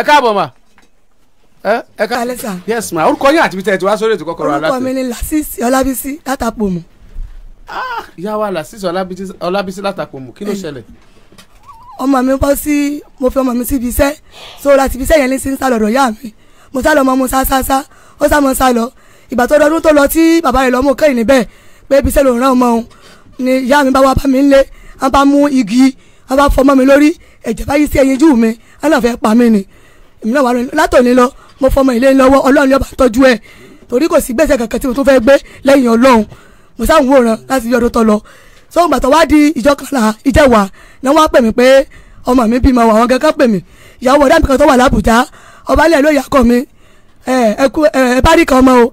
ẹ káàbọ̀ ma ẹ ká alẹ́ sà. yes ma orúkọ yín àti bíi tẹ́tí wá sórí ètò kọ́kọ́rọ́ aláàtẹ. orúkọ mi ni lasisi ọlábísí látàpọ̀mù. ah ìyá wa lasisi ọlábísí látàpọ̀mù kí ló eh. ṣẹlẹ̀. ọmọ mi bọ́ sí mo fi ọmọ mi síbi iṣẹ́ so láti ibi iṣẹ́ yẹn ní sí ń sá lọ́dọ̀ yá mi mo sá lọ ọmọ mo sá sá sá ó sá mo sá lọ ìgbà tó dọdún tó lọ tí bàbá rẹ̀ lọ mú kẹ́yìn níbẹ̀ pé ibi iṣẹ́ ló ràn ọmọ ni ìyá mi bá wá bá mi ń lé wọn bá mú igi wọn bá fọmọ mi lórí ẹ̀jẹ̀ bá yí sí ẹyinjú mi wọn náà fẹ́ pa mí ni náà wà látòní lọ mo fọmọ ilé lọ́wọ́ ọlọ́run yóò bá tọ́jú ẹ̀ torí kò sí gbèsè kankan tí mo tún fẹ́ gbé lẹ́yìn ọlọ́run mo sáwọn wòran láti yọ ọdún tó lọ sọ́wọ́n bàtọ̀ wá di ìjọ kanlá ìjẹwà náà wọ́n á pè mí pé ọmọ mi bímọ àwọn kankan pè mí ìyàwó ọ̀dà mi kan tó wà lábùjá ọbalẹ̀ ló yàkọ̀ mi ẹ báríkà ọmọ o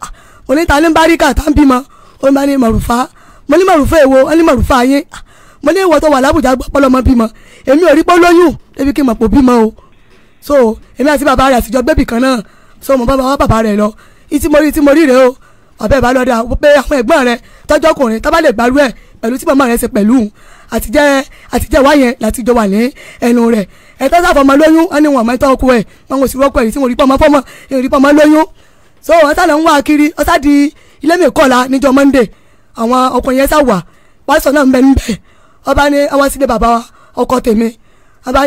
oníta ní báríkà tá ń bímọ ó ń bá ní mọ̀rùfá mo ní mọ̀rùfá èwo ó ní mọ̀rùfá yín mo ní ìwọ tó wà lábùjá gbọ́pọ́lọmọ bímọ èmi ò rí pọ́ lóyún débi kí n mọ̀ pò bímọ o so èmi àti bàbá rẹ̀ àtijọ́ gbébì kan náà so mo bá bá wá bàbá rẹ̀ lọ ìtí mo rí ìtí mo rí rèé o ọ̀bẹ ìbálòdà pé àwọn ẹ̀gbọ́n rẹ̀ tọ́jọ́ ọkùnrin tá bá lè gbarú ẹ̀ pẹ̀lú tí màmá rẹ̀ ṣe pẹ̀lú àtijẹ́ àtijẹ́ wá yẹn láti jọ wà ní ẹnu rẹ̀ ẹ̀tọ́ sáfọ̀ ọmọ lóyún ẹni wọn àmọ́ ẹ̀tọ́ ọkọ ẹ̀ wọn kò sí rọ́pò ẹ̀rí tí wọn rí pọ̀ so ọ̀tá lọ ń wá kiri ọ̀tá di ilé mi kọ́la níjọ́ Monday àwọn ọkùnrin yẹn sá wà pásítọ̀ náà ń bẹ ń bẹ ọba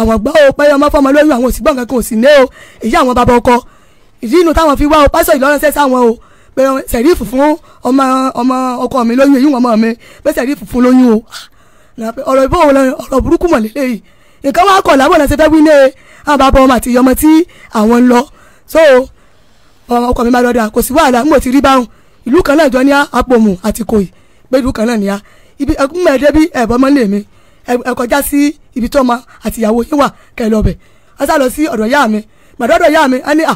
àwọn gbọ́ o pé ọmọ fọmọ lóyún àwọn òsì gbọ̀ngàn kan òsì ní o èyí àwọn bàbá ọkọ ìdí inú táwọn fi wá o pásọ ìlọrẹsẹ sáwọn o pé sẹ̀rífù fún ọmọ ọmọ ọkọ mi lóyún èyí ọmọ mi pé sẹ̀rífù fún lóyún o ọ̀rọ̀ ìbò wọn ọ̀rọ̀ burúkú mọ̀ lélẹ́yìí nǹkan wá kọ̀ lábọ̀ náà ṣe wí ní àwọn bàbá ọmọ àti ìyọmọ tí àwọn ń lọ so ọkọ mi máa lọ dà kò sí wàhálà mo ti rí báwọn ìlú kan náà jọ ní àpòmù àti kòyí pé ìlú kan náà ní ibi ẹkún mẹ́ẹ̀ẹ́dẹ́bí ẹ̀bọ́n mọ́lẹ̀ mi ẹ kọjá sí ibi tọ́mọ àtìyàwó yín wà kẹlẹ ọbẹ̀ a sá lọ sí ọ̀dọ̀ ìyá mi gbàdọ́dọ̀ ìyá mi á ní à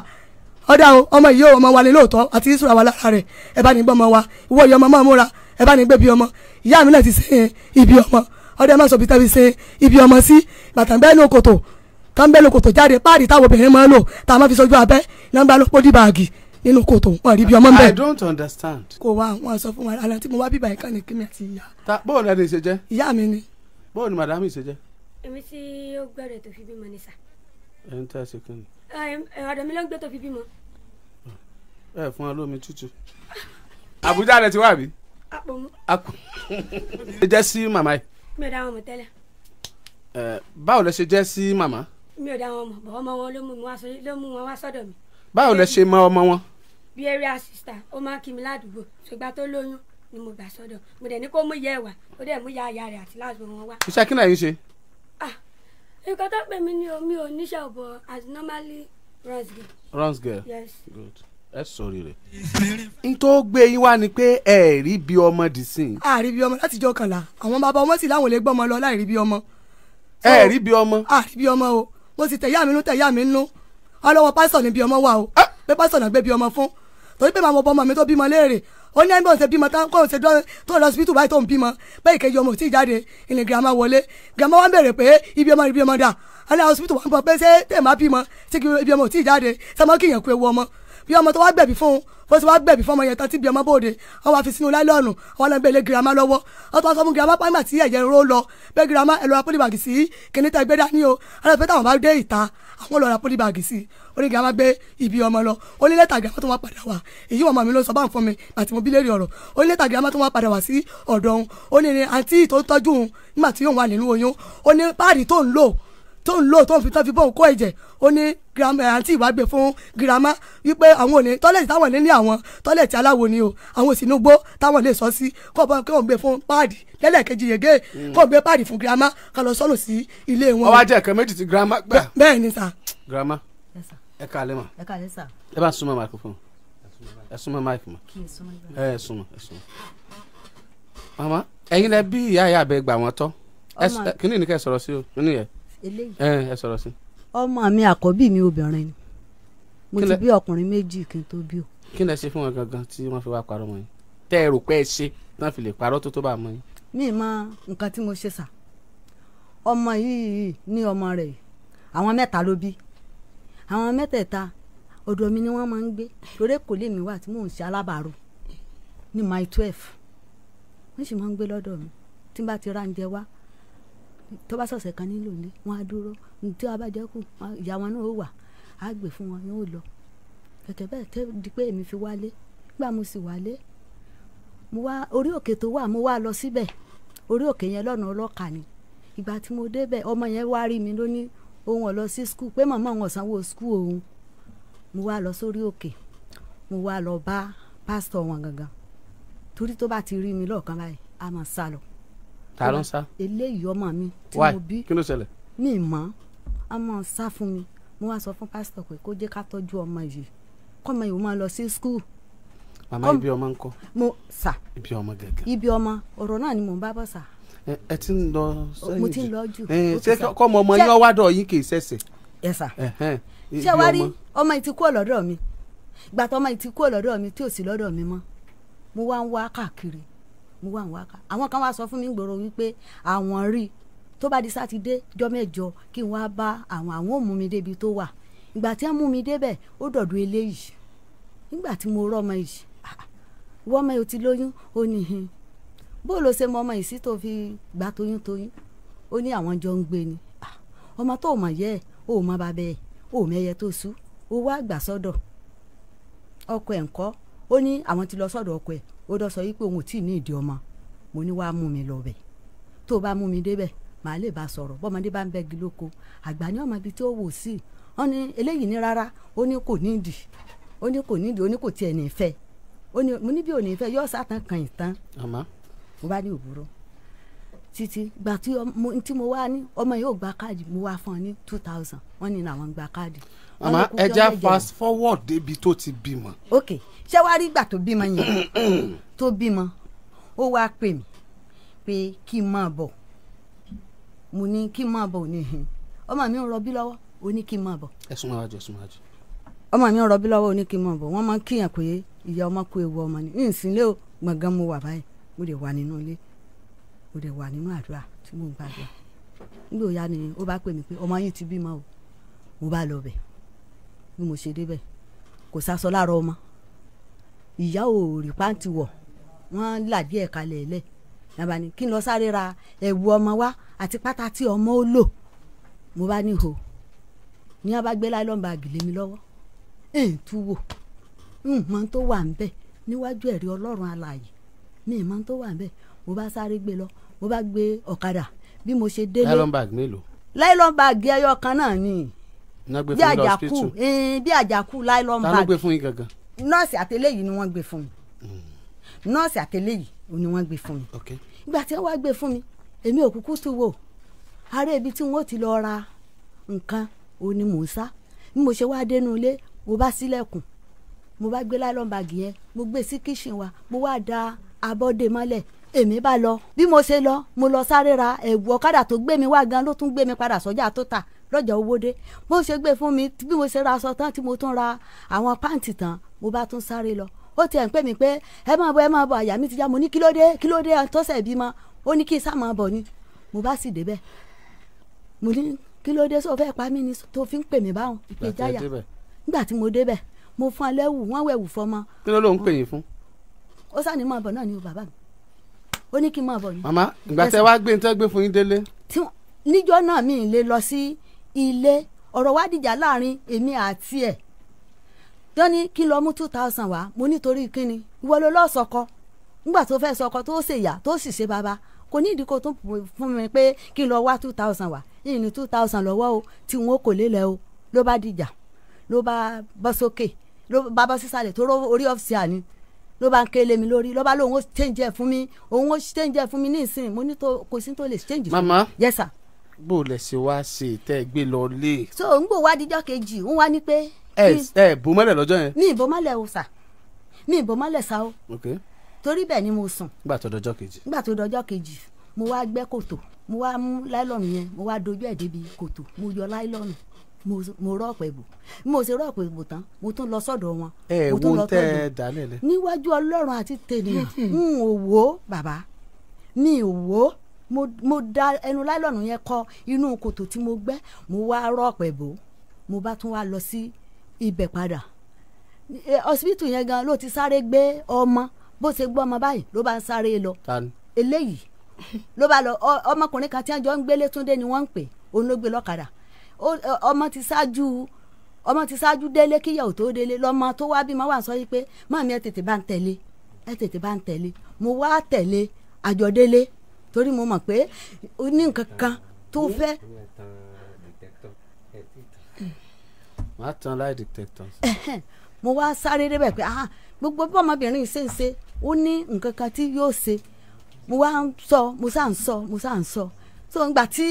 ọ̀dà o ọmọ yìí o ọmọ wa ni lóòótọ́ àti ìṣúra wa lára rẹ̀ ẹ bá ní gbọ́ ọmọ wa ìwọ ìyá ọmọ máa múra ẹ bá ní gbé bí ọmọ ìyá mi náà ti ṣe ibi ọmọ ọ̀dà máa sọ bí tẹ́bi ṣe ibi ọmọ sí bàtà bẹ́ẹ̀ ní okòtò kan bẹ́ẹ̀ ní okòtò jáde páàdì táwọn obìnrin máa ń lò tá a máa fi sojú abẹ́ nọ́mbà ló pódì báàgì nínú kòtò wọn rí bí ọmọ bẹ́ẹ̀. I don't understand. kò wá wọn sọ fún wa àlàntí mo wá bíbá ẹ̀ka ní kí mi àti ìyá. bóòlù ẹni ṣe jẹ́. ìyá mi ni báwo ni madame ṣe jẹ́. èmi tí ó gbẹ̀rẹ̀ tó fi bímọ ni sà. ẹ ń tẹ́ ẹ ṣe kí ni. ọ̀dọ̀ mi ló ń gbé tó fi bímọ. ẹ fún wa lómi tútù. àbújá rẹ ti wà bí. àpò mu. àpò ṣe jẹ́ sí màmá yìí. mi ò dá wọn mọ̀ tẹ́lẹ̀. báwo lẹ ṣe jẹ́ sí màmá. mi ò dá wọn mọ̀ bọ̀ ọmọ wọn ló mú wọn wá sọ́dọ̀ mi. báwo lẹ ṣe mọ ọmọ wọn. bí area sister ó máa kí mi ládùúgbò ṣùgbọ́n tó lóyún ni mo gbà sọ́dọ̀ mo dẹ̀ ní kó mú ìyá ẹ̀ wá ó dẹ̀ mú ìyá aya rẹ̀ àti láàbò wọn wá. iṣẹ́ kí náà yín ṣe. nǹkan tó pè mí ni omi ò níṣẹ́ ọ̀bọ̀ as normally runs girl. runs girl yes. good ẹ sọrí rẹ. n tó gbé yín wá ni pé ẹ rí bí ọmọ dì sí. a rí bí ọmọ láti jọ kànlá àwọn bàbá ọmọ sì láwọn ò lè gbọ́ ọmọ lọ láì rí bí ọmọ. ẹ rí bí ọmọ. a rí bí ọmọ o mo sì tẹ̀yà mi nú tẹ̀yà mi nú ọlọ́wọ́ pásítọ̀ ni bí ọmọ wà o ah! pé pásítọ̀ náà gbé bí ọmọ fún torí pé màá ọmọ mi tó bímọ léèrè ó ní àyìnbó ṣe bímọ tán kó o ṣe tó lọ síbítù báyìí tó ń bímọ bẹ́ẹ̀ kejì ọmọ tí jáde ilẹ̀ girama wọlé girama wa bèrè pé ibi ọmọ ibi ọmọ dà ọ̀nà hospital wa ń bọ̀ pé ṣé tẹ̀ má bímọ ṣé ibi ọmọ tí jáde sọmọ kìyàn kú ewu ọmọ bí ọmọ tó wá gbẹ̀bí fún un bó ti wá gbẹ̀bí fún ọmọ yẹn tán tí bí ọmọ bòde wọn wá fi sínú láìlọ́ọ̀nù wọn lọ gbélé girama lọ́wọ́ wọn tó wá sọ fún girama pàmò àti ẹ̀jẹ̀ ró lọ bẹ́ẹ̀ girama ẹ̀ lọ ra pólíbàgì sí kìnní tẹ gbé dání o alábẹ́ táwọn bá dé ìta àwọn lọ ra pólíbàgì sí orí girama gbé ibi ọmọ lọ onílẹ̀tà girama tó wá padà wá èyí wọn mọ̀ mí ló sọ bá ń fún mi àti mo bí lérí ọ̀rọ̀ onílẹ̀tà girama tó wá padà wá sí ọ̀dọ̀ ó ní ní àǹtí tó tọ́jú nígbà tí òun wà nínú oyún ó ní páàdì tó ń lò tó ń lò tó ń fi tán fi bóun kó ẹ̀jẹ̀ ó ní eh, àǹtí ìwà fún girama wípé àwọn òní tọ́lẹ̀tì táwọn ní ní àwọn tọ́lẹ̀tì aláwo ni o àwọn òsì inúgbó táwọn lè sọ sí kó bọ́ kí wọ́n gbé fún páàdì lẹ́lẹ́kejì yege kó gbé páàdì fún girama ká lọ sọ́nù sí ilé wọn. ọwọ́ ajẹ́ ẹ̀kẹ́ méjì ti girama gbà. bẹ́ẹ̀ ni sà. girama ẹ ká lẹ́ mọ̀ ẹ bá súnmọ́ microphone ẹ súnmọ́ mic mọ̀ ẹ súnmọ́ ẹ súnmọ́. mama ẹ̀yin lẹ bí ìyá ìyá àbẹ̀ gbà wọ́n tọ́ kíní ni kẹ́ sọ̀rọ̀ sí o kíní yẹn eléyìí. ẹ ẹ sọ̀rọ̀ sí. ọmọ mi àkọ́bí mi obìnrin ni mo ti bí ọkùnrin méjì kí n tó bí o. kí lẹ ṣe fún wọn gangan tí wọn fi wá parọ́ mọ́ yín tẹ ẹ rò pé ẹ ṣe tán fi lè parọ́ tó tó bá mọ́ yín. mi mọ nǹkan tí mo ṣe sà ọmọ yìí ní ọmọ rẹ àwọn mẹ́ta ló bí àwọn mẹ́tẹ̀ẹ̀ta ọ̀dọ̀ mi ni wọ́n máa ń gbé torí kò lè mi wà tí mò ń ṣe alábàárò ní my twelve wọ́n sì máa ń gbé lọ́dọ̀ mi tí n bá ti ra oúnjẹ wá tó bá sọ̀sẹ̀ kan nílò ilé wọn á dúró tí wọn bá jẹ́ kù ìyá wọn náà ó wà á gbé fún wọn yóò lọ kẹ̀kẹ́ bẹ́ẹ̀ tẹ́ di pé èmi fi wálé nígbà mo sì wálé mo wá orí òkè tó wà mo wá lọ síbẹ̀ orí òkè yẹn lọ́nà ọlọ́kà ni ìgbà tí mo débẹ̀ ọmọ yẹn wá rí mi lónìí òun ò sí skul pé màmá òun ò skul òun mo wá lọ sórí òkè mo wá lọ bá pásítọ̀ wọn gangan torí tó bá ti rí mi lọ́ọ̀kan báyìí a máa sá lọ ta sa ń sá. eléyìí ọmọ mi tí mo bí kí ló ṣẹlẹ̀. mi mọ̀ a máa ń sá fún mi mo wá sọ fún pásítọ̀ pé kó jẹ́ ká tọ́jú ọmọ yìí kọ́mọ yìí ó máa lọ sí skul. màmá ibi ọmọ ń kọ́. mo sà ibi ọmọ gẹ́gẹ́. ibi ọmọ ọ̀rọ̀ náà ni mò ń bá bọ̀ sà ẹ ti ń lọ sẹ́yìn jù mo ti ń lọ jù ṣé kọ́ ọmọ ọmọ yín ọwádọ̀ yín kì í ṣẹ̀ṣẹ̀. ẹ sà ṣé wàá rí ọmọ yìí ti kú lọ́dọ̀ mi gbàtọ́ ọmọ yìí ti kú lọ́dọ̀ mi tí ò sí lọ́dọ̀ mi mọ́ mo wá ń wá káàkiri mo wà ń wá ká àwọn kan wá sọ fún mi gbòòrò wípé àwọn rí tó bá di sátidé jọ mẹ́jọ kí n wá bá àwọn àwọn ò mú mi débi tó wà ìgbà tí wọ́n mú mi débẹ̀ ó dọ̀dọ̀ eléyìí nígbà tí mo rọ́mọ yìí wọ́mọ yìí ó ti lóyún ó ní hin bó ló ṣe mọ ọmọ yìí sí tó fi gbà toyún toyún ó ní àwọn jọ ń gbé ni ọmọ tó mọ̀ yẹ ò mọ bàbá ẹ̀ ò mẹ́yẹ tó sú ó wá gbà sọ́dọ̀ ọkọ ẹ̀ ńkọ́ ó ní àwọn ti lọ sọ́dọ̀ ọkọ ẹ̀ ó dọ́ sọ yìí pé òun ò tí ì ní ìdí ọmọ mo ní wàá mú mi lọ bẹ̀ tó o bá mú mi débẹ̀ màá lè bá sọ̀rọ̀ bọ́mọdé bá ń bẹ́ gi lóko àgbà ní ọmọ ibi tí ó wò sí wọn ni eléyìí ní rárá ó ní kò nídìí ó ní kò nídìí ó ní kò tiẹ̀ ní ó ní mo ní bí ò ní fẹ́ yọ sátán kan ìtàn mo bá ní òwúrọ̀ títí gbà tí mo tí mo wá ní ọmọ yóò gba káàdì mo wá fún ọ ní two thousand wọ́n ní làwọn gba káàdì. àmọ́ ẹja fast forward débi tó ti bímọ. ok ṣé wàá rí ìgbà tó bímọ yẹn tó bímọ ó wáá pè mí pé kí n máa bọ̀ mo ní kí n máa bọ̀ ní hin ọmọ mi ń rọbí lọ́wọ́ ó ní kí n máa bọ̀. ẹ súnmọ́ àjọ súnmọ́ àjọ. ọmọ mi ń rọbí lọ́wọ́ ó ní kí n máa bọ̀ wọ́n máa ń kíyàn pé ìyá ọmọ kú ewu ọmọ ni ìsìnlẹ̀ gbọ̀ngàn mo wà báyìí mo lè wà nínú ilé mo dẹ̀ wà nínú àdúrà tí mò ń gbàdúrà nígbà òya ni ó bá pè mí pé ọmọ yín ti bímọ o mo bá lọ bẹ̀ bí mo ṣe débẹ̀ kò sásọ láàárọ̀ ọmọ ìyá ò rí pàǹtí wọ̀ wọ́n làdí ẹ̀ kalẹ̀ lẹ̀ nàbà ni kí n lọ sáré ra ẹ̀wù ọmọ wa àti pátá tí ọmọ ó lò mo bá ní hò ní a bá gbé láìlọ́n mi lọ́wọ́ ẹ̀ tú wò mọ̀ tó wà ń bẹ̀ níwájú ẹ̀rí ọlọ́run alààyè mi mọ̀ tó wà ń bẹ̀ mo bá sáré gbé lọ mo bá gbé ọ̀kadà bí mo ṣe délé. nylon bag mélòó. nylon bag ẹyọ kan náà ni. bí àjàkú eh, bí àjàkú nylon bag. ta ló gbé fún yín gangan. nọ́ọ̀sì àtẹlẹ́yìí ni wọ́n gbé fún mi hmm. nọ́ọ̀sì àtẹlẹ́yìí ni wọ́n gbé fún mi. ìgbà tí wọ́n wá gbé fún mi èmi ò kúkú tún wò ará ibi tí wọ́n ti lọ ra nǹkan òní mò ń sá bí mo ṣe wá dénú ilé mo bá sílẹ̀kùn mo bá gbé nylon bag yẹn mo gbé sí kíṣìn wa mo wá da abọ́dé mọ́lẹ̀ èmi bá lọ bí mo ṣe lọ mo lọ sáré ra ẹ̀wù ọ̀kadà tó gbé mi wá gan ló tún gbé mi padà sọ́jà tó tà lọ́jà owóde bó ṣe gbé fún mi bí mo ṣe ra aṣọ tán tí mo tún ra àwọn pàǹtì tán mo bá tún sáré lọ ó tiẹ̀ ń pè mí pé ẹ máa bọ̀ ẹ máa bọ̀ àyà mi ti já mo ní kílódé kílódé tọ́sẹ̀ bímọ ó ní kí n sá máa bọ̀ ni mo bá sì débẹ̀ mo ní kílódé sọ fẹ́ pa mí ni tó fi ń pè mí báwọn ìpè jáyà nígbà tí mo débẹ̀ mo fún alẹ́ wù wọ́n wẹ̀ fọmọ. kí ló ló ń pè yín fún. ó sàní máa bọ̀ náà ni o bàbá mi ó ní kí n máa bọ̀ yín. màmá ìgbà tẹ wá gbé ní tẹ́ gbé fún yín délé. níjọ́ náà mi ì lè lọ sí ilé ọ̀rọ̀ wá dìjà láàrin èmi àti ẹ̀ tó ní kí n lọ mú two thousand wá mo nítorí kíni ìwọ ló lọ́ọ́ sọkọ nígbà tó fẹ́ sọkọ tó ṣèyà tó sì ṣe bàbá kò ní ìdíkò tó fún mi pé kí n lọ wá two thousand wá yìí ní two thousand lọ́wọ́ o tí wọn kò lélẹ̀ o ló bá dìjà ló bá bọ́ sókè ló bá bọ́ sísàlẹ̀ tó rọ orí ọ̀fíìsì àní ló bá ń kélé mi lórí ló lóun ó change fún mi òun ó change fún mi ní ìsìn mo ní kò sí tó lè change fún mi. màmá yes sir. bó o lẹ ṣe wá ṣe tẹ ẹ gbé lọ lé. so n gbò wá díjọ́ kejì n wá ní pé. ẹ ẹ bò mọ́lẹ̀ lọ́jọ́ yẹn. mi ìbò o sa. mi ìbò mọ́lẹ̀ sa o. ok torí bẹ́ẹ̀ ni mo sùn. nígbà tó dọjọ́ kejì. nígbà tó dọjọ́ kejì mo wá gbẹ́ kòtò mo wá mú láìlọ́nù yẹn mo wá dojú ẹ̀ débi kòtò mo yọ láìlọ́nù mo rọ ọ̀pẹ̀ bò mo ṣe rọ ọ̀pẹ̀ bò tán mo tún lọ sọ́dọ̀ wọn. ẹ ẹ wo tẹ ẹ dálẹ lẹ. níwájú ọlọ́run àti tènìyàn hmm. n ò wò bàbá mi ò wò mo da ẹnu láìlọ́nù yẹn kọ inú kòtò tí mo gbẹ́ mo wá rọ ọ̀pẹ̀ bò mo bá tún wá lọ sí ibẹ̀ padà ọsibítù yẹn gan ló ti sáré gbé ọmọ bó ṣe gbọ́ ọmọ báyìí ló bá ń sáré lọ eléyìí ló bá lọ ọmọkùnrin kan tí wọ́n jọ ń gbélé túndé ni wọ́n ń pè òun ló gbé lọ́kadà ọmọ ti ṣáájú ọmọ ti ṣáájú délé kíyàwó tó délé lọmọ tó wá bímọ wà sọ yìí pé màmí ẹ tètè bá ń tẹ̀lé ẹ tètè bá ń tẹ̀lé mo wá tẹ̀lé àjọdélé torí mo mọ̀ pé ó ní nǹkan kan tó fẹ́. màá láì dìtẹ̀tọ̀. gbogbo ọmọbìnrin ṣe ń ṣe ó ní nǹkan kan tí yóò ṣe mo wá ń so tí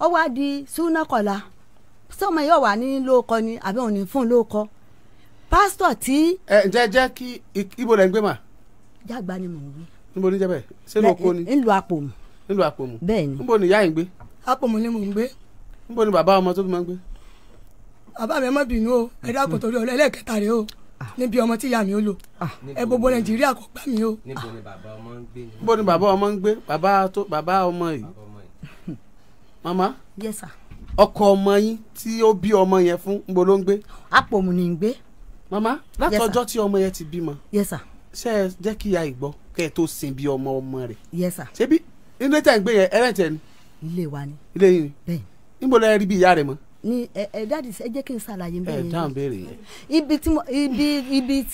ó wá di súnà kọ̀la sọmọ yóò wà ní lóòkọ ni àbí òun ní fún lóòkọ pásítọ̀ tí. ẹ jẹ́ jẹ́ kí ibo lẹ́ ń gbé mà. jágba ni mò ń gbé. níbo ní jẹ́bẹ̀ ṣé ló kó ni. nílùú àpòmù. nílùú àpòmù. bẹ́ẹ̀ ni. níbo ni ìyá yìí ń gbé. àpòmù ni mò ń gbé. níbo ni bàbá ọmọ tó fi máa ń gbé. bàbá mi má bínú o ẹ dákun torí ọlọ ẹlẹ́ẹ̀kẹta rẹ o ah. níbi ọmọ tí ìyá mi ó lò ah. ẹ gbogbo nàìjíríà kò gbà mí o. níbo ni bàbá ọmọ ń gbé. bàbá ọmọ yìí mama. yes ọkọ ọmọ yín tí ó bí ọmọ yẹn fún ń ló ń ni mama láti ọjọ́ tí ọmọ yẹn ti bímọ. ma. ṣe ẹ jẹ́ kí ya ìgbọ́ kẹ́ ẹ bí ọmọ ọmọ rẹ̀. yes ṣebí ilé tẹ̀ ń gbé yẹn ni. ilé wa ni. ilé ni. bẹ́ẹ̀ ni. níbo rí bí ìyá ni ẹ ẹ dáàdi ẹ jẹ́ ibi tí mo ibi ibi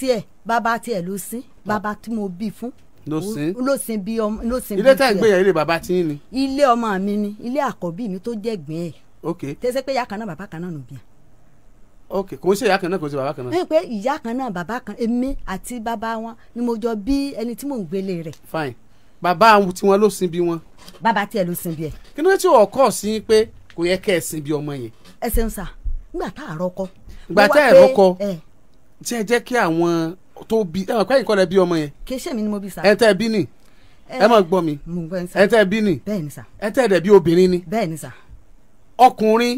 ló sin bí ọmọ ló sin bí tiẹ̀ ilé tá ìgbéyàwó ilé bàbá tí ń ni. ilé ọmọ mi ni ilé àkọ́bí mi tó jẹ́ gbìn ẹ̀. ok tẹ́sẹ̀ pé ìyá kan náà bàbá kan náà nù bíà. ok kò sí ìyá kan náà kò sí bàbá kan náà. ẹ pé ìyá kan náà bàbá kan èmi àti bàbá wọn ni mo jọ bí ẹni tí mò ń gbélé rẹ̀. fine bàbá tiwọn ló sin bí wọn. bàbá tiẹ̀ ló sin bí ẹ̀. kí ló dé tí ọkọ sí pé kò yẹ kẹ́ ẹ sin bí ọmọ yẹn. ẹ ṣeun sà ngbà tá àrọkọ. ngbà tá àrọkọ tí ẹ jẹ́ kí àwọn tó bí ẹ mọ̀ pé ẹ̀yin kọ́ lẹ bí ọmọ yẹn. kì mi ni mo bí sa. ẹ tẹ́ ẹ bí nì ẹ mọ̀ gbọ́ mi ẹ tẹ́ ẹ bí nì ẹ tẹ́ ẹ dẹ̀ bí obìnrin ni. bẹ́ẹ̀ni sa. ọkùnrin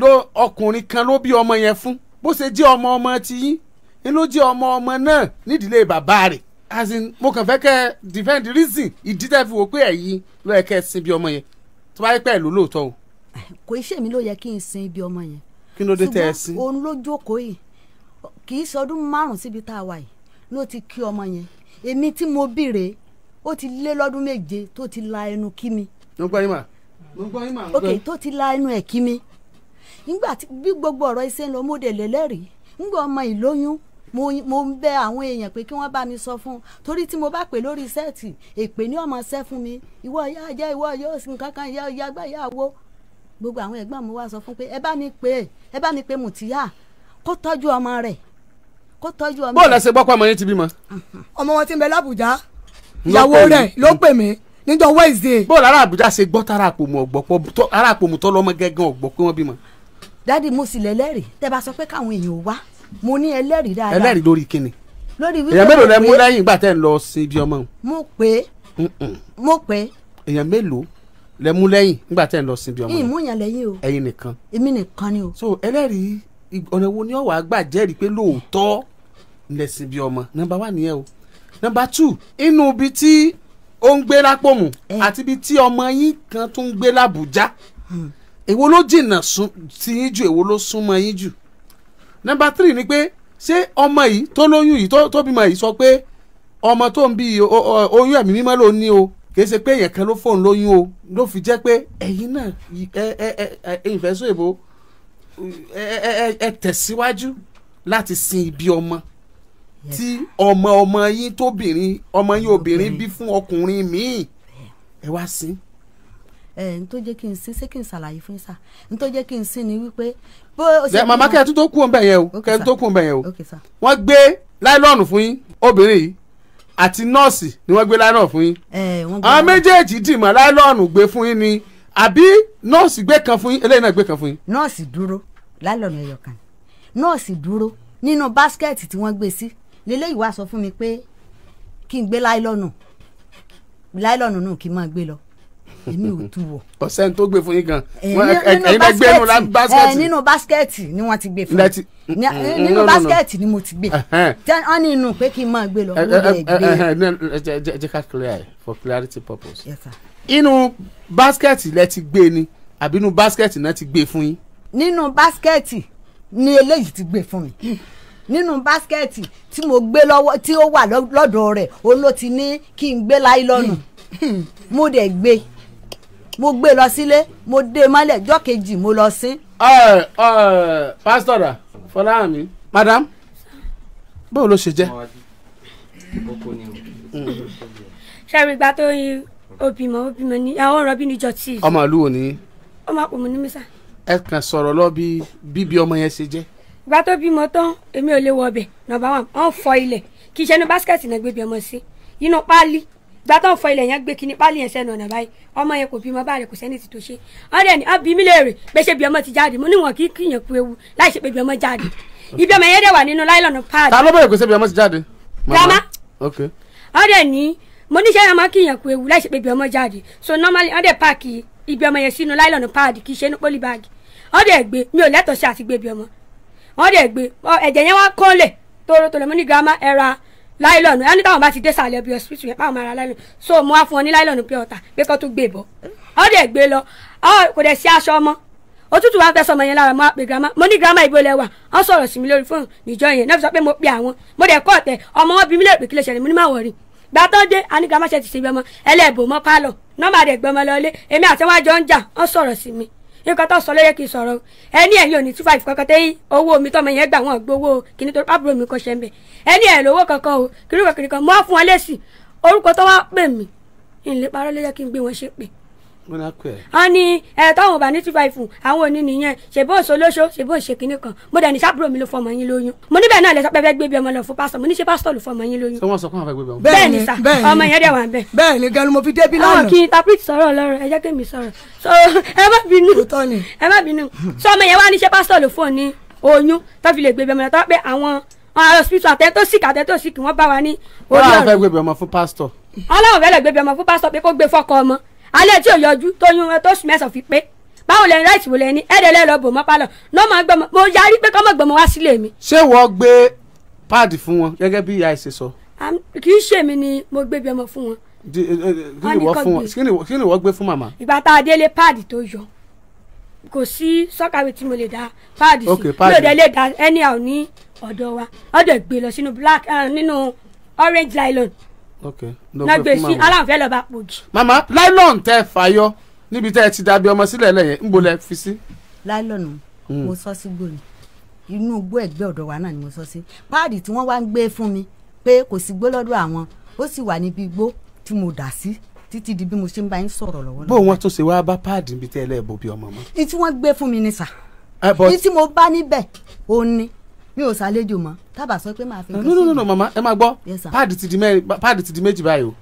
ló ọkùnrin kan ló bí ọmọ yẹn fún bó ṣe jẹ́ ọmọ ọmọ ti yín ni ló jẹ́ ọmọ ọmọ náà nídìílé bàbá rẹ̀ as in mo kàn fẹ́ kẹ́ defend reason ìdí tẹ́ fi wò pé ẹ̀yin ló yẹ kẹ́ ẹ sin bí ọmọ yẹn tó bá yẹ pẹ́ ló lóòótọ́ o. kò í ṣèmi ló yẹ kí n sin ibi ọmọ yẹn. kí ló dé tẹ́ ẹ sin. ṣùgbọ́n òun ló jókòó yìí kì í ṣọdún márùn-ún síbi tá a wà yìí ló ti kí ọmọ yẹn èmi tí mo bí rèé ó ti lé lọ́dún méje tó ti la ẹnu kí mi. mo gbọ́ yín mà mo gbọ́ yín mà. ok tó ti la ẹnu ẹ̀ kí mi nígbà tí bí gbogbo ọ̀rọ̀ iṣẹ́ ń lọ mo dẹ̀ lẹ́lẹ́rìí nígbà ọmọ ìlóyún mo ń bẹ àwọn èèyàn pé kí wọ́n bá mi sọ fún un torí tí mo bá pè lórí sẹ́ẹ̀tì èpè ní ọmọ sẹ́ fún mi ìwọ ìyá jẹ́ ìwọ yóò sin kankan ìyá ìyá gbá ìyá wo gbogbo àwọn ẹ̀gbọ́n mi wá sọ fún pé ẹ bá mi pè ẹ bá mi pè mùtíyà kó tọ́jú ọmọ rẹ̀ kó tọ́jú ọmọ. bọ́ọ̀lù ẹsẹ̀ gbọ́pọ̀ ọmọ yẹn ti bímọ. ọmọ wọn ti ń bẹ lábùjá ìyàwó rẹ̀ ló pè mí níjọ́ Wednesday. bọ́ọ̀lù ará àbújá ṣe gbọ́ tára àpòmù ọ̀gbọ́pọ̀ ará àpòmù tọ́lọ́mọ gẹ́gẹ́ ọ̀gbọ́ pé wọ́n bímọ. dádì mo sì lẹ́lẹ́rìí tẹ́ bá sọ pé káwọn èèyàn ò wá mo ní ẹlẹ́rìí dáadáa. ẹlẹ́rìí lórí kíni. lórí wípé mo pé èèyàn mélòó lẹ mú lẹ́yìn ìgbà tẹ́ ń lọ sí ibi ọmọ. mo pé mo pé. èèyàn mélòó lẹ mú lẹ́yìn nígbà tẹ́ ń lọ sí ibi ọmọ. ìmúyàn lẹ́yìn o. ẹ̀yin nìkan. èmi nìkan ni o. so ẹlẹ́rìí ọ̀nà wo ni ọ̀wà gbà jẹ́rìí pé lóòótọ́ lẹ̀sìn bí ọmọ nọ́mbà wà nìyẹn o nọ́mbà tù inú ibi tí ó ń gbé lápòmù àti ibi tí ọmọ yín kan tó ń gbé làbújá èwo ló jìnnà sí yín jù èwo ló súnmọ́ yín jù nọ́mbà tírì ni pé ṣé ọmọ yìí tó lóyún yìí tó bímọ yìí sọ pé ọmọ tó ń bí oyún ẹ̀mí mímọ́ ló ní o kì í ṣe pé èèyàn kan ló fóun lóyún o ló fi jẹ́ pé ẹ̀yin náà ẹ ẹ ẹ ìfẹ́sọ̀ èbó ẹ tẹ̀síwájú láti sin ibi ọmọ tí ọmọ ọmọ yín tóbìnrin ọmọ yín obìnrin bí fún ọkùnrin míì ẹ wá sin. ẹ n tó jẹ́ kí n sin ṣé kí n ṣàlàyé fún yín sá n tó jẹ́ kí n sin ni wípé. màmá kẹ́ẹ̀tún tó kú ọ̀nbẹ̀ yẹn o kẹ́ẹ̀tún tó kú ọ̀nbẹ̀ yẹn o wọ́n gbé láìlọ́ọ̀nù fún yín obìnrin yìí àti nọ́ọ̀sì ni wọ́n gbé láìlọ́ọ̀nù fún yín. àwọn méjèèjì dìmọ̀ láìlọ́ọ̀nù gbé fún yín ni àbí nọ́ọ̀sì gbé kan fún yín eléyìí náà gbé kan fún yín. nọ́ọ̀sì dúró lálọ́nà ẹyọ kan nọ́ọ̀sì dúró nínú báskẹ́ẹ̀tì tí wọ́n gbé sí lélẹ́yìí wá sọ fún mi pé kí n gbé láìlọ́nù láìlọ́nù náà kí n máa gbé lọ èmi ò tu wọ. ọ̀sẹ̀ tó gbé fún yín gan. ẹ̀yin bẹ gbé nínú báskẹ́ẹ̀tì. ni wọ́n ti gbé fún mi mm, eh, mm, nínú báskẹ́ẹ̀tì ni mo ti gbé wọ́n ní inú pé kí n máa gbé lọ. Eh, eh, ẹ jẹ́ ká clear for clarity purpose. inú báskẹ́ẹ̀tì lẹ ti gbé ni àbí inú báskẹ́ẹ̀tì náà ti gbé fún yín nínú báskẹ́ẹ̀tì ni eléyìí ti gbé fún mi nínú báskẹ́ẹ̀tì tí mo gbé lọ́wọ́ tí ó wà lọ́dọ̀ rẹ̀ òun ló ti ní kí n gbé láì lọ́nà mo dẹ̀ gbé mo gbé lọ sílé mo dé mọ́lẹ̀ jọ́ kejì mo lọ sí. pásítọ̀rà fọláhàmì madam báwo ló ṣe jẹ́. ṣàbí ìgbà tó yin obìmọ̀ obìmọ̀ ni àwọn ọ̀rọ̀ bí níjọ tí. ọmọ ìlú wo ni. ọmọ àpòmù ní mísà ẹ kàn sọ̀rọ̀ lọ bí bíbí ọmọ yẹn ṣe jẹ́. ìgbà tó bímọ tán èmi ò lè wọ ọbẹ̀ nọ́mbà one wọ́n fọ ilẹ̀ kì í ṣe ní báskẹ̀tì náà gbé bí ọmọ sí inú páálí ìgbà tó ń fọ ilẹ̀ yẹn gbé kíní páálí yẹn sẹ́nu ọ̀nà báyìí ọmọ yẹn kò bímọ báyìí kò sẹ́ni ti tó ṣe wọ́n dẹ̀ ní àbí mi léèrè pé ṣé bí ọmọ ti jáde mo níwọ̀n kí kíyàn ku ewu láì ṣe pé bí ọmọ jáde ibi ọmọ yẹn dẹ̀ wà nínú láìlọ́nà páàdì. ta ló bẹ̀rẹ̀ kò ṣe bí ọmọ ti jáde. grandma wọ́n dẹ̀ ní mo níṣẹ́ ọmọ kíyàn ku ewu láì ṣe pé bí ọmọ jáde so normally wọ́n dẹ̀ páàkì ibi ọmọ yẹn sínú láìlọ́nà páàdì kì í ṣe ní pólí báàgì wọ́n dẹ̀ gbé mi ò lẹ́tọ̀ọ́ sí àti gbé bí ọmọ wọ́n dẹ̀ gbé ẹ̀jẹ̀ yẹn wá kọ́lẹ̀ tòrótòrò mo ní girama ẹ̀ra láìlọ́nù ẹni táwọn bá ti dé sàlẹ̀ bí hospital yẹn páwọn máa ra láìlọ́nù so mo wá fún ọ ní láìlọ́nù pé ọ̀tà pé kó tún gbé bọ̀ wọ́n dẹ̀ gbé lọ kò dẹ̀ sí aṣọ ọmọ òtútù wa fẹ́ sọmọ yẹn lára mo pe girama mo ní girama ìbò lẹ́wà wọ́n sọ̀rọ̀ sí mi lórí fóònù níjọ́ yẹn náà sọ pé mo pe àwọn mo dẹ̀ kọ́ ọ̀tẹ̀ ọmọ wọn bí mi lè pè kí lè ṣẹlẹ̀ mo ní má wọ̀rì gbàtọ́ dé ani girama ṣe ti ṣe ibi ọmọ ẹlẹ́bùn mọ́ pálọ̀ nọ́mbà rẹ̀ gbọmọ lọlé èmi àti wọn jọ ń jà wọ́n sọ̀rọ̀ sí mi nǹkan tó sọ ló yẹ kí n sọ̀rọ̀ ẹni ẹ̀yìn ò ní two five kankan tẹ́ owó mi tọ́mọ yẹn gbà wọ́n gbowó kìíní tó àbúrò mi kọ́ ṣe ń bẹ̀ ẹni ẹ̀ lówó kankan o kìíní kankan mo á fún wọn lẹ́sìn orúkọ tó wá pè mí ìlépa rẹ ló kí n gbé wọn ṣe pè ani ẹ táwọn ọba ní two five àwọn òní nìyẹn ṣèbó òṣòlóṣó ṣèbó òṣèkínní kan mo dẹ̀ ní sábúrò mi ló fọmọ yín lóyún mo níbẹ̀ náà lè sọ pé fẹ́ gbé bí ọmọ lọ fún pásítọ̀ mo ní ṣe pásítọ̀ ló fọmọ yín lóyún. wọ́n sọ pé wọ́n fẹ́ gbé bí ọmọ. bẹ́ẹ̀ ni sà ọmọ yẹn dẹ̀ wà bẹ́ẹ̀. bẹ́ẹ̀ ni gẹlu mo fi débi lánàá. àwọn kì í tapit sọ̀rọ̀ lọ́rọ̀ ẹ jẹ́ kí mi sọ̀rọ̀ so ẹ má bínú ọmọ yẹn wá ní ṣe pásítọ̀ ló fún ní oyún tó fi lè gbé alẹ́ tí ò yọjú tó yún ẹ tó sùn mẹ́sàn-án fi pé báwo lẹ́yìn ráìtì wò lẹ́ni ẹ̀ẹ́dẹ̀lẹ́ lọ bò mọ́ pálọ̀ náà máa gbọ́mọ mo yarí pé kọ́mọ gbọ́mọ wá sílé mi. ṣé wọ́n gbé páàdì fún wọn gẹ́gẹ́ bí ìyá ẹ̀ ṣe sọ. kì í ṣèmi ni mo gbé bí ọmọ fún wọn. Eh, eh, kí ni wọ́n gbé fún màmá. ìgbà tá a délé páàdì tó yọ kò sí sọ́kàwé tí mo lè dá páàdì sí mi dé lè dá ẹni à ní ọ̀dọ̀ wa ọ̀dọ̀ gbé lọ sínú black eh, nínú orange nylon nàgbèsí aláǹfẹ́ lọ́ba pòjì. màmá láìlọ́ọ̀n tẹ́ fàyọ níbi tẹ́ ẹ ti dàbí ọmọ sílẹ̀ lẹ́yìn ń bolẹ̀ fi sí. láìlọ́ọ̀nù hmm. mo sọ sí gbòòrì inú igbó ẹ̀gbẹ́ ọ̀dọ̀ wa náà ni mo sọ sí páàdì tí wọ́n wá ń gbé fún mi pé kò sí gbó lọ́dọ̀ àwọn ó sì wà níbi igbó tí mo dà sí títí di bí mo ṣe ń bá yín sọ̀rọ̀ lọ́wọ́. bó wọn tún ṣe wá bá páàdì níbi tẹ́ ẹ lẹ́ẹ̀bù bí ọmọ mọ́. ní tí wọ́n gbé fún mi ni sà. Eh, ní mo bá níbẹ̀ òun mi ò ṣàlejò mọ́ tábà sọ pé màá fi. no no no mama ẹ máa gbọ́ páàdì ti di mẹ́rin páàdì ti di méjì báyìí o.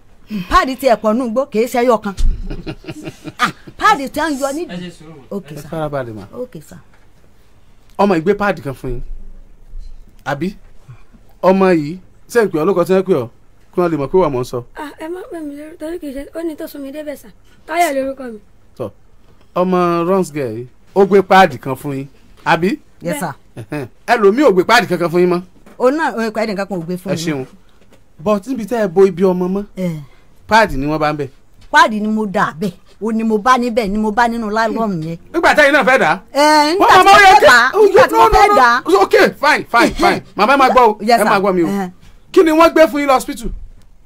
páàdì ti ẹ̀kọ́ nù gbó kì í ṣe ẹyọ kan ah, páàdì tí a ń yọ nídìí. ok sir farabalẹ̀ ma ok sir. ọmọ ìgbé páàdì kan fún yín àbí ọmọ yìí ṣé ìpè ọlọ́kọ tí wọ́n pè ọ́ kí wọ́n lè mọ̀ pé wà mọ́ ń sọ. Ah, ẹ má pè mí lórí torí kì í ṣe ó ní tó sún mi débẹ̀ sà táyà lórúkọ mi. ọmọ runs girl yìí ó gbé páàdì kan fún yín àbí. yes sir. ẹlòmíì ò gbé páàdì kankan fún yín mọ́. òun náà òun ìpàdé nǹkan kan ò gbé fún mi. ẹ ṣeun but níbi tẹ́ ẹ bo ibi ọmọ mọ́ páàdì ni wọ́n bá ń bẹ̀. páàdì ni mo dà bẹ́ẹ̀ o ni mo bá níbẹ̀ ni mo bá nínú láìlọ́ọ̀mù yẹn. nígbà táyì náà fẹ́ dà. ẹ nígbà tí mo fẹ́ dà oh, nígbà tí mo fẹ́ dà. ok fine fine fine màmá ẹ máa gbọ́ o ẹ máa gbọ́ mi o kí ni wọ́n gbé fún yín lọ hospital.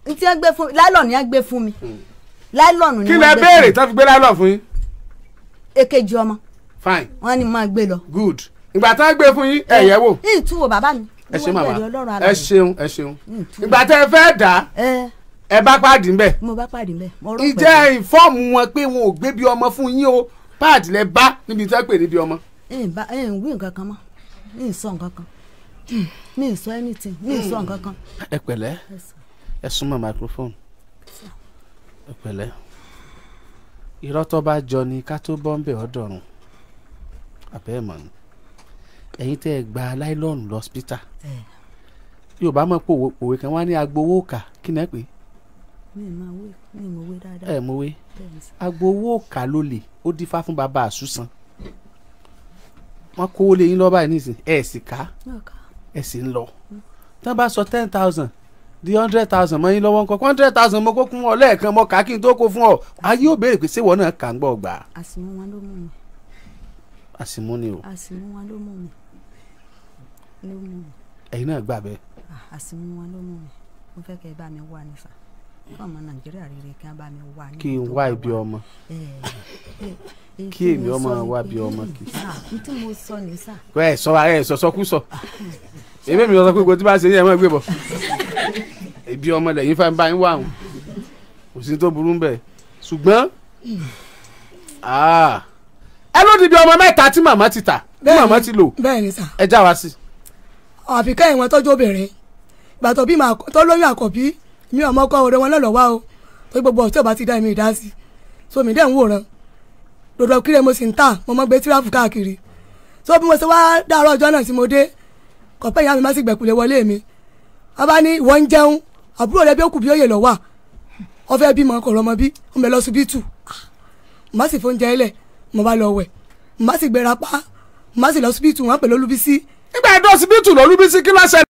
n ti gbé fún láìlọ́ọ̀nù yẹn gbé fún mi láìlọ́ọ̀nù ni wọ́n gbé fún mi. Hmm. kí lẹ béèrè tó fi gbé láìlọ́ọ̀ fún yín. èkejì ọmọ. fine wọ́n ní máa gbé lọ. good ìgbà tán gbé fún yín ẹ̀yẹ́ wò. ìtúwò bàbá mi. ẹ ṣeun màmá ẹ ṣeun ẹ ṣeun. ìgbà tẹ fẹ́ dà ẹ bá pàdé mbẹ. mo bá pàdé mbẹ. ìjẹ́ ìfọ́ọ̀mù wọn pé wọn ò gbé bí ọmọ fún yín o páàdì lẹ bá níbi tí wọ́n pè níbi ọmọ. ẹ ǹ wí nǹkan kan mọ́ ẹ ǹ sọ nǹkan kan mi ì sọ anything mi ì sọ nǹkan kan. ẹ pẹ̀lẹ́ ẹ súnmọ́ microphone ẹ pẹ̀lẹ́ irọ́ tó bá jọ ni ká tó bọ́ ń bẹ̀ ọ́ dọ̀rùn àbẹ́ ni ẹ̀yin tẹ́ ẹ gba láìlọ́ọ̀nù lọ́sítà yorùbá mọ̀ pé òwe kan wá ní agbowó òkà kí náà pé. mi ì máa wé mi ì mọ̀ wé dáadáa. ẹ mọ̀ wé agbowó òkà ló lè ó dífá fún bàbá àsúsan wọn kówó lé yín lọ́ọ́ báyìí nísìn ẹ sì ká ẹ sì ń lọ tí bá sọ ten thousand di hundred thousand mọ yín lọ́wọ́ nǹkan hundred thousand mo kó kún ọ lẹ́ẹ̀kan mo kà á kí n tó kó fún ọ ayé ò béèrè pé ṣé wọn náà kà ń gbọ́ gbà. àsìmú wọn ló mú mi. àsìmú ni o. àsìmú wọn ló mú mi ló mú mi. ẹ̀yin náà gbà bẹ́ẹ̀. Ah, àsìmú wọn ló mú mi mo fẹ́ kẹ́ ẹ bá mi wà nífà fún ọmọ nàìjíríà rere kí wọn bá mi wà níbi tó wà. kí n wá ibi ọmọ kí èmi ọmọ wá ibi ọmọ kì í. Ah, n tí mo sọ ní sà. ẹ sọ ẹ sọ sọkú sọ ah, èmi mi sọ pé kò tí bá ṣe yẹn mọ ìgbé bọ ibi ọmọ lẹ́yìn fún bá ń wà wọn kò sí tó burú bẹ́ẹ̀ ṣùgbọ́n ẹ ló di ibi ọmọ mẹ́ta tí màmá ti tà tí màmá ti lò ẹ já wa sí i àfi kẹ́yìn wọn tọ́jú obìnrin ìgbà tó bí mà tó lóyún àkọ́bí mi ò mọ́kọ́ ọ̀rẹ́ wọn náà lọ́wọ́ o tó gbogbo ọ̀tí ọba ti dá mi ìdá sí so mi dẹ̀ ń wòran dòdò kílẹ̀ mo sì ń tà mo mọ́ gbé tíráfù káàkiri so bí mo ṣe wá dàárọ̀ ọjọ́ náà tí mo dé kọ̀pẹ́ ìyá mi má sì gbẹ̀kulẹ̀ wọlé mi wọ́n bá ní ìwọ ń jẹun àbúrò rẹ bí ó kù bí ó yè lọ wà wọ́n fẹ́ bímọ kò rọmọ bí wọ́n bẹ lọ síbítù má sì fóúnjẹ ilẹ̀ mo bá lọ wẹ̀ má sì gbéra pa má sì lọ síbítù wọ́n pè lólúbísí nígbà ẹ̀dọ́ ọsibítù lọ́lú bí sí kí